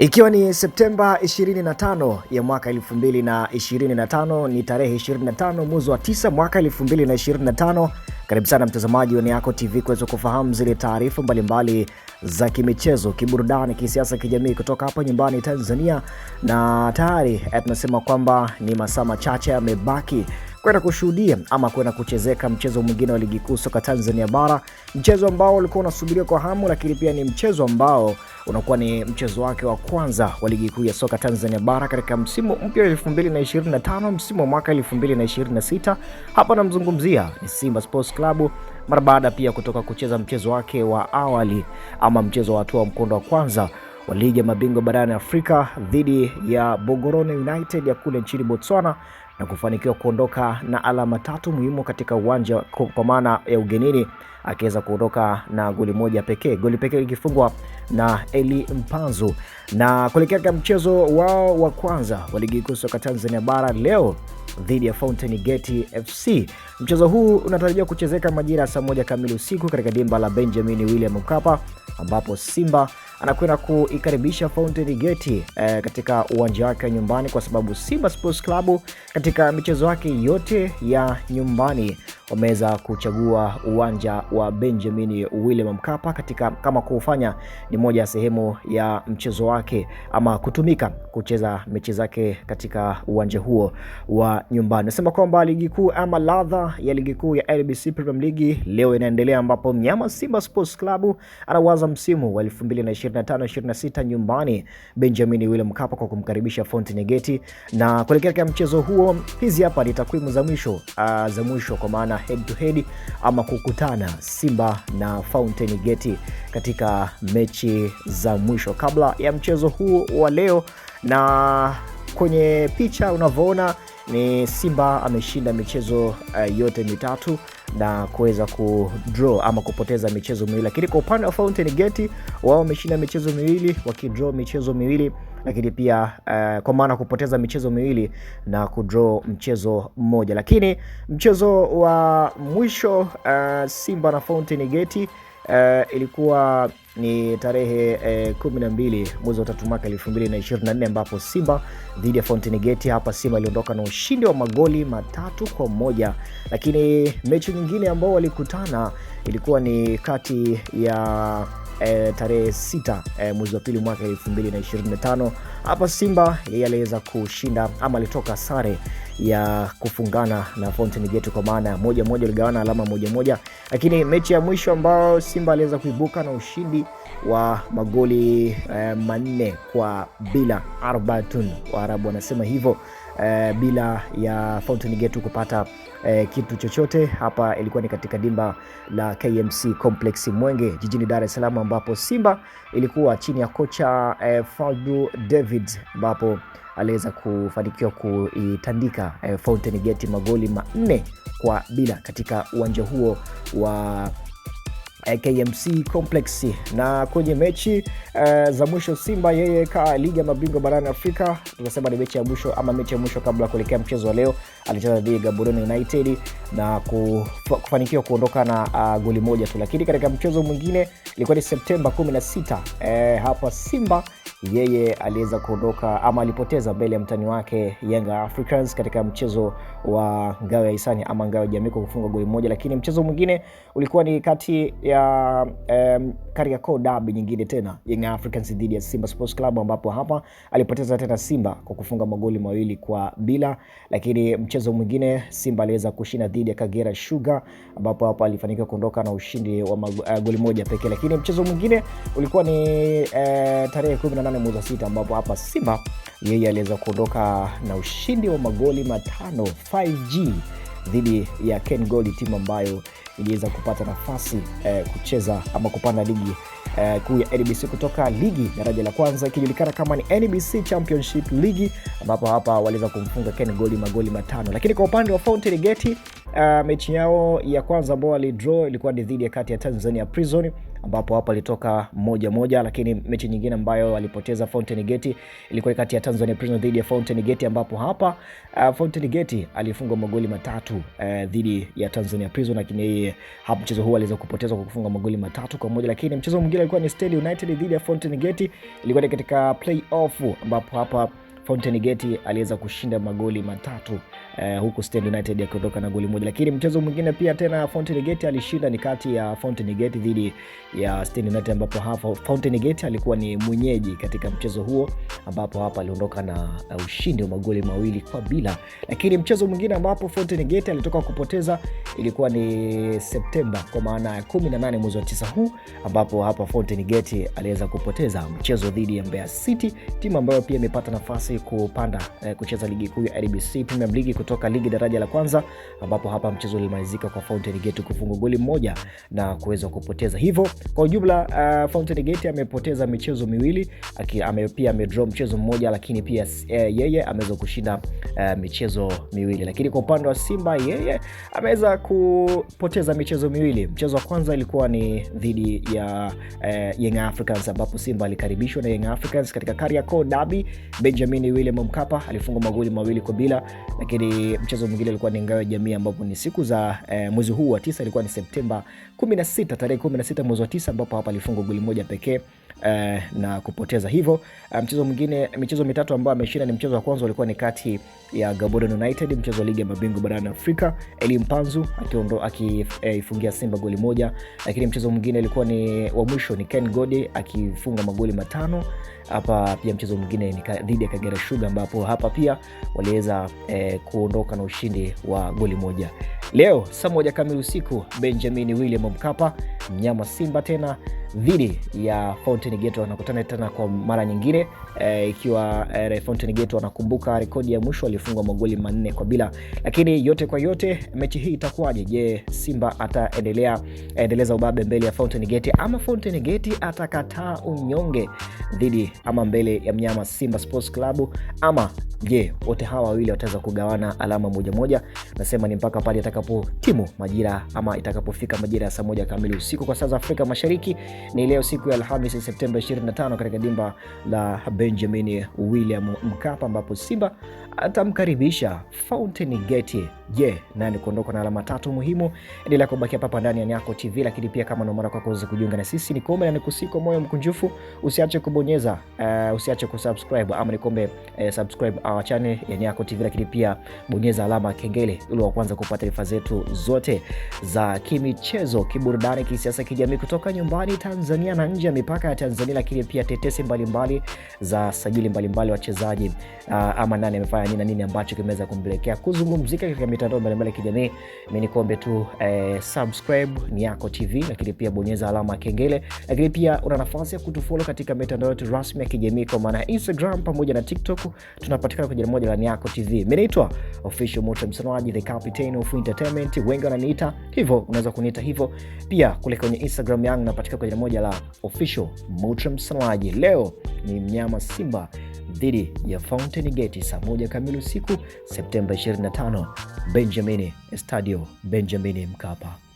Ikiwa ni Septemba 25 ya mwaka 2025, ni tarehe 25 mwezi wa 9 mwaka 2025. Karibu sana mtazamaji wa Niako TV kuweza kufahamu zile taarifa mbalimbali za kimichezo, kiburudani, kisiasa, kijamii kutoka hapa nyumbani Tanzania, na tayari eh, tunasema kwamba ni masaa machache yamebaki kwenda kushuhudia ama kwenda kuchezeka mchezo mwingine wa ligi kuu soka Tanzania bara, mchezo ambao ulikuwa unasubiriwa kwa hamu, lakini pia ni mchezo ambao unakuwa ni mchezo wake wa kwanza wa ligi kuu ya soka Tanzania bara katika msimu mpya wa 2025 msimu wa mwaka 2026. Hapa namzungumzia ni Simba Sports Club mara baada pia kutoka kucheza mchezo wake wa awali ama mchezo wa hatua mkondo wa kwanza wa ligi ya mabingwa barani Afrika dhidi ya Bogoroni United ya kule nchini Botswana na kufanikiwa kuondoka na alama tatu muhimu katika uwanja kwa maana ya ugenini, akiweza kuondoka na goli moja pekee, goli pekee likifungwa na Eli Mpanzu. Na kuelekea katika mchezo wao wa kwanza wa ligi kuu soka Tanzania bara leo dhidi ya Fountain Gate FC. Mchezo huu unatarajiwa kuchezeka majira ya saa moja kamili usiku katika dimba la Benjamin William Mkapa ambapo Simba anakwenda kuikaribisha Fountain Gate e, katika uwanja wake wa nyumbani, kwa sababu Simba Sports Club katika michezo yake yote ya nyumbani wameweza kuchagua uwanja wa Benjamin William Mkapa katika kama kufanya ni moja ya sehemu ya mchezo wake ama kutumika kucheza mechi zake katika uwanja huo wa nyumbani. Nasema kwamba ligi kuu ama ladha ya ligi kuu ya NBC Premier League leo inaendelea, ambapo mnyama Simba Sports Club anawaza msimu wa 2025-26 nyumbani Benjamin William Mkapa kwa kumkaribisha Fountain Gate, na kuelekea katika mchezo huo, hizi hapa ni takwimu za mwisho ah, za mwisho kwa maana head to head ama kukutana Simba na Fountain Gate katika mechi za mwisho kabla ya mchezo huu wa leo, na kwenye picha unavyoona ni Simba ameshinda michezo uh, yote mitatu na kuweza kudraw ama kupoteza michezo miwili, lakini kwa upande wa Fountain Gate wao wameshinda michezo miwili wakidraw michezo miwili lakini pia uh, kwa maana kupoteza michezo miwili na kudraw mchezo mmoja. Lakini mchezo wa mwisho uh, Simba na Fountain Gate uh, ilikuwa ni tarehe eh, 12 mwezi wa tatu mwaka 2024 ambapo Simba dhidi ya Fountain Gate. Hapa Simba iliondoka na ushindi wa magoli matatu kwa moja, lakini mechi nyingine ambao walikutana ilikuwa ni kati ya eh, tarehe 6 eh, mwezi wa pili mwaka 2025. Hapa Simba yeye aliweza kushinda ama alitoka sare ya kufungana na Fountain Gate kwa maana moja moja, aligawana alama moja moja, lakini mechi ya mwisho ambayo Simba aliweza kuibuka na ushindi wa magoli eh, manne kwa bila, Arbatun Waarabu wanasema hivyo eh, bila ya Fountain Gate kupata eh, kitu chochote. Hapa ilikuwa ni katika dimba la KMC Complex Mwenge jijini Dar es Salaam, ambapo Simba ilikuwa chini ya kocha eh, Faldu David ambapo aliweza kufanikiwa kuitandika eh, Fountain Gate magoli manne kwa bila katika uwanja huo wa KMC Complex. Na kwenye mechi uh, za mwisho Simba yeye ka ligi ya mabingwa barani Afrika, tunasema ni mechi ya mwisho ama mechi ya mwisho kabla ya kuelekea mchezo wa leo, alicheza dhidi ya Gaborone United na kufanikiwa kuondoka na uh, goli moja tu, lakini katika mchezo mwingine ilikuwa ni Septemba 16 uh, eh, hapa Simba yeye aliweza kuondoka ama alipoteza mbele ya mtani wake Yanga Africans katika mchezo wa ngao ya hisani ama ngao ya jamii kwa kufunga goli moja, lakini mchezo mwingine ulikuwa ni kati ya um, Kariakoo dabi nyingine tena, Yanga Africans dhidi ya Simba Sports Club, ambapo hapa alipoteza tena Simba kwa kufunga magoli mawili kwa bila. Lakini mchezo mwingine Simba aliweza kushinda dhidi ya Kagera Sugar, ambapo hapa alifanikiwa kuondoka na ushindi wa uh, goli moja pekee. Lakini mchezo mwingine ulikuwa ni uh, tarehe nane mwezi wa sita ambapo hapa Simba yeye aliweza kuondoka na ushindi wa magoli matano 5G dhidi ya Ken Goli, timu ambayo iliweza kupata nafasi eh, kucheza ama kupanda ligi eh, kuu ya NBC kutoka ligi daraja la kwanza ikijulikana kama ni NBC Championship Ligi, ambapo hapa waliweza kumfunga Ken Goli magoli matano. Lakini kwa upande wa Fountain Gate uh, mechi yao ya kwanza ambao walidraw ilikuwa ni dhidi ya kati ya Tanzania Prison ambapo hapo alitoka moja moja, lakini mechi nyingine ambayo alipoteza Fountain Gate ilikuwa kati ya Tanzania Prison dhidi ya Fountain Gate ambapo hapa uh, Fountain Gate alifungwa magoli matatu uh, dhidi ya Tanzania Prison, lakini yeye hapo mchezo huu aliweza kupoteza kwa kufunga magoli matatu kwa moja, lakini mchezo mwingine alikuwa ni State United dhidi ya Fountain Gate, ilikuwa katika playoff ambapo hapa Fountain Gate aliweza kushinda magoli matatu eh, huku Stand United akiondoka na goli moja, lakini mchezo mwingine pia tena Fountain Gate alishinda, ni kati ya Fountain Gate dhidi ya Stand United, ambapo hapa Fountain Gate alikuwa ni mwenyeji katika mchezo huo, ambapo hapa aliondoka na uh, ushindi wa magoli mawili kwa bila. Lakini mchezo mwingine ambapo Fountain Gate alitoka kupoteza ilikuwa ni Septemba kwa maana ya 18 mwezi wa tisa huu, ambapo hapa Fountain Gate aliweza kupoteza mchezo dhidi ya Mbeya City, timu ambayo pia imepata nafasi kupanda eh, kucheza ligi kuu ya RBC Premier League kutoka ligi daraja la kwanza, ambapo hapa mchezo ulimalizika kwa Fountain Gate kufungwa goli moja na kuweza kupoteza. Hivyo kwa ujumla, uh, Fountain Gate amepoteza michezo miwili aki, ame, pia amedraw mchezo mmoja, lakini pia eh, yeye ameweza kushinda uh, michezo miwili. Lakini kwa upande wa Simba yeye ameweza kupoteza michezo miwili. Mchezo wa kwanza ilikuwa ni dhidi ya eh, Young Africans ambapo Simba alikaribishwa na Young Africans katika Kariakoo Derby Benjamin ni William Mkapa alifunga magoli mawili kwa bila, lakini mchezo mwingine ulikuwa ni ngao ya jamii, ambapo ni siku za eh, mwezi huu wa tisa, ilikuwa ni Septemba 16 tarehe 16 mwezi wa tisa, ambapo hapa alifunga goli moja pekee eh, na kupoteza hivyo. Eh, mchezo mwingine, michezo mitatu ambayo ameshinda ni mchezo wa kwanza ulikuwa ni kati ya Gaborone United, mchezo wa ligi ya mabingwa barani Afrika, Eli Mpanzu akiifungia eh, Simba goli moja, lakini mchezo mwingine ilikuwa ni wa mwisho ni Ken Godi akifunga magoli matano hapa pia mchezo mwingine ni dhidi ya Kagera Sugar, ambapo hapa pia waliweza eh, kuondoka na ushindi wa goli moja. Leo saa moja kamili usiku Benjamin William Mkapa, mnyama Simba tena dhidi ya Fountain Gate wanakutana tena kwa mara nyingine e, ikiwa e, Fountain Gate wanakumbuka rekodi ya mwisho alifungwa magoli manne kwa bila. Lakini yote kwa yote, mechi hii itakuwaje? Je, Simba ataendelea endeleza ubabe mbele ya Fountain Gate ama Fountain Gate atakataa unyonge dhidi ama mbele ya mnyama Simba Sports Club ama Je, wote hawa wawili wataweza kugawana alama moja moja? Nasema ni mpaka pale itakapotimu majira ama itakapofika majira ya saa moja kamili usiku kwa saa za Afrika Mashariki. Ni leo siku ya Alhamisi, Septemba 25 katika dimba la Benjamin William Mkapa ambapo Simba atamkaribisha Fountain Gate Je, yeah, nani kuondoka na alama tatu muhimu? Endelea kubaki hapa ndani ya Niyako TV, lakini pia kama ndo mara kwako uweze kujiunga na sisi, ni kuombe na nikusiko moyo mkunjufu, usiache kubonyeza uh, usiache kusubscribe ama nikombe uh, subscribe our channel ya Niyako TV, lakini pia bonyeza alama kengele ili wa kwanza kupata taarifa zetu zote za kimichezo, kiburudani, kisiasa, kijamii kutoka nyumbani Tanzania na nje ya mipaka ya Tanzania, lakini pia tetesi mbalimbali mbali za sajili mbalimbali wachezaji uh, ama nani amefanya nini na nini ambacho kimeweza kumpelekea kuzungumzika katika mitandao mbalimbali ya kijamii. Mimi nikombe tu eh, subscribe Niyako TV, lakini pia bonyeza alama ya kengele, lakini pia una nafasi ya kutufollow katika mitandao yetu rasmi ya kijamii kwa maana ya Instagram pamoja na TikTok, tunapatikana kwa jina moja la Niyako TV. Mimi naitwa Official Moto Msanaji, the captain of entertainment, wengi wananiita hivyo, unaweza kuniita hivyo pia. Kule kwenye Instagram yangu napatikana kwa jina moja la Official Moto Msanaji. Leo ni mnyama simba dhidi ya Fountain Gate saa moja kamili usiku Septemba 25, Benjamin Stadio Benjamin Mkapa.